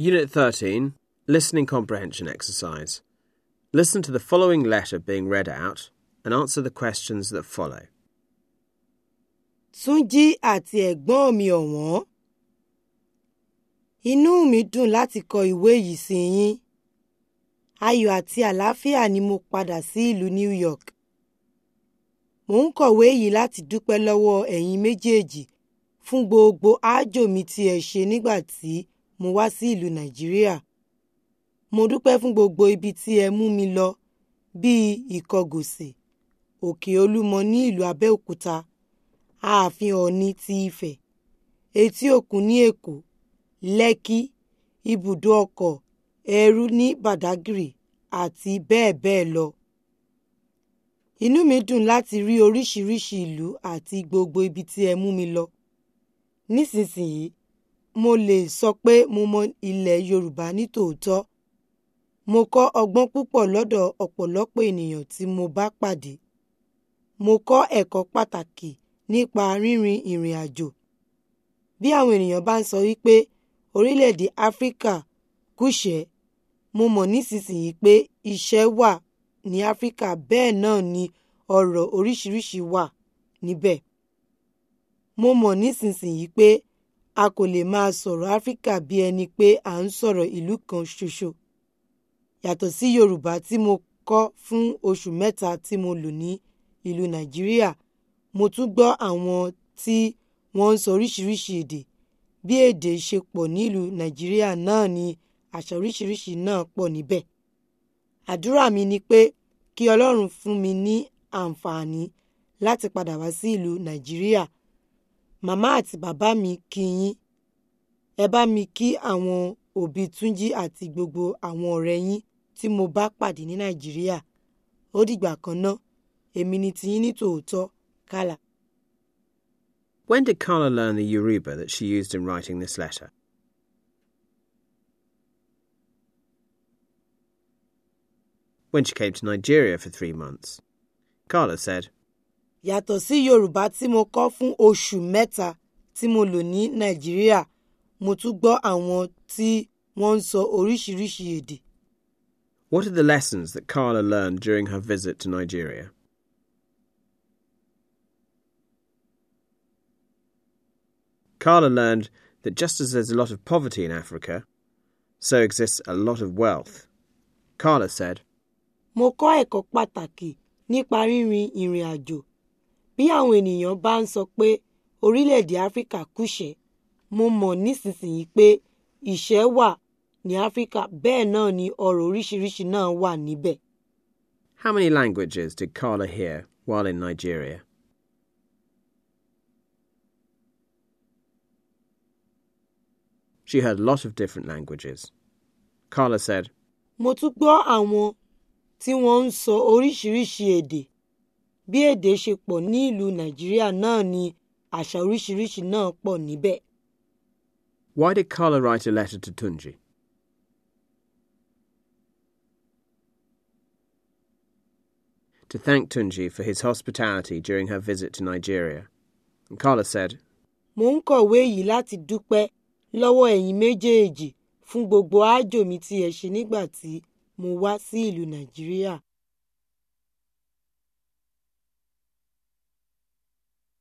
Unit 13 Listening Comprehension Exercise. Listen to the following letter being read out and answer the questions that follow. Sunji àti ẹ̀gbọ́n mi ọ̀wọ́n. Inú mi dùn láti kọ ìwé yìí sí Ayọ̀ àti alafia ni mo padà sí ìlú New York. Mò ń kọ̀wé yìí láti dúpẹ́ lọ́wọ́ ẹ̀yin méjèèjì fún gbogbo àájò mi tí ẹ ṣe nígbà mo wá sí ìlú Nàìjíríà. Mo dúpẹ́ fún gbogbo ibi tí ẹ mú mi lọ bíi Ìkọgòsì, òkè Olúmọ ní ìlú Abẹ́òkúta, ààfin Ọ̀ọ̀ni ti Ifẹ̀, etí òkun ní Èkó, Lẹ́kí, ibùdó ọkọ̀ ẹrú ní Badagry àti bẹ́ẹ̀ bẹ́ẹ̀ lọ. Inú mi dùn láti rí oríṣiríṣi ìlú àti gbogbo ibi tí ẹ mú mi lọ. Nísinsìnyí Mo lè sọ pé mo mọ ilẹ̀ Yorùbá nítòótọ́, mo kọ́ ọgbọ́n púpọ̀ lọ́dọ̀ ọ̀pọ̀lọpọ̀ ènìyàn tí mo bá pàdé, mo kọ́ ẹ̀kọ́ pàtàkì nípa rínrin ìrìnàjò — bí àwọn ènìyàn bá ń sọ wípé orílẹ̀-èdè Áfíríkà kúṣẹ̀ẹ́, mo mọ̀ nísinsìnyí pé iṣẹ́ wà ní Áfíríkà bẹ́ẹ̀ náà ni ọrọ̀ oríṣiríṣi wà níbẹ̀. Mo mọ̀ nísinsìnyí pé A kò lè máa sọ̀rọ̀ Áfíríkà bí ẹni pé à ń sọ̀rọ̀ ìlú kan ṣoṣo. Yàtọ̀ sí Yorùbá tí mo kọ́ fún oṣù mẹ́ta tí mo lò ní ìlú Nàìjíríà, mo tún gbọ́ àwọn tí wọ́n ń sọ oríṣiríṣi èdè. Bí èdè ṣe pọ̀ nílùú Nàìjíríà náà ni àṣà oríṣiríṣi náà pọ̀ níbẹ̀. Àdúrà mi ni pé kí Ọlọ́run fún mi ní àǹfààní láti padà wá sí ìlú Nàìjíríà. màmá àti bàbá mi kí yín ẹ bá mi kí àwọn òbí túnjí àti gbogbo àwọn ọ̀rẹ́ yín tí mo bá pàdé ní nàìjíríà ó dìgbà kan náà èmi ni tiyín ní tòótọ́ kálá. When did Carla learn the Yoruba that she used in writing this letter? When she came to Nigeria for three months. Carla said, Yàtọ̀ sí Yorùbá tí mo kọ́ fún oṣù mẹ́ta tí mo lò ní Nàìjíríà, mo tún gbọ́ àwọn tí wọ́n ń sọ oríṣiríṣi èdè. What are the lessons that Carla learned during her visit to Nigeria? Carla learned that just as there's a lot of poverty in Africa, so exists a lot of wealth. Carla said, Mo kọ́ ẹ̀kọ́ pàtàkì nípa rínrin ìrìn àjò. Bí àwọn ènìyàn bá ń sọ pé orílẹ̀-èdè Áfíríkà kùṣẹ́, mo mọ̀ nísinsìnyí pé ìṣẹ́ wà ní Áfíríkà bẹ́ẹ̀ náà ni ọrọ̀ oríṣiríṣi náà wà níbẹ̀. How many languages did Carla hear while in Nigeria? She heard a lot of different languages. Carla said, Mo tún gbọ́ àwọn tí wọ́n ń sọ oríṣiríṣi èdè. bí èdè ṣe pọ̀ ní ìlú Nàìjíríà náà ni àṣà oríṣiríṣi náà pọ̀ níbẹ̀. Why did Carla write a letter to Tunji? To thank Tunji for his hospitality during her visit to Nigeria. And Carla said, Mo ń kọ̀wé yìí láti dúpẹ́ lọ́wọ́ ẹ̀yin méjèèjì fún gbogbo àjò mi tí ẹ ṣe nígbà tí mo wá sí ìlú Nàìjíríà.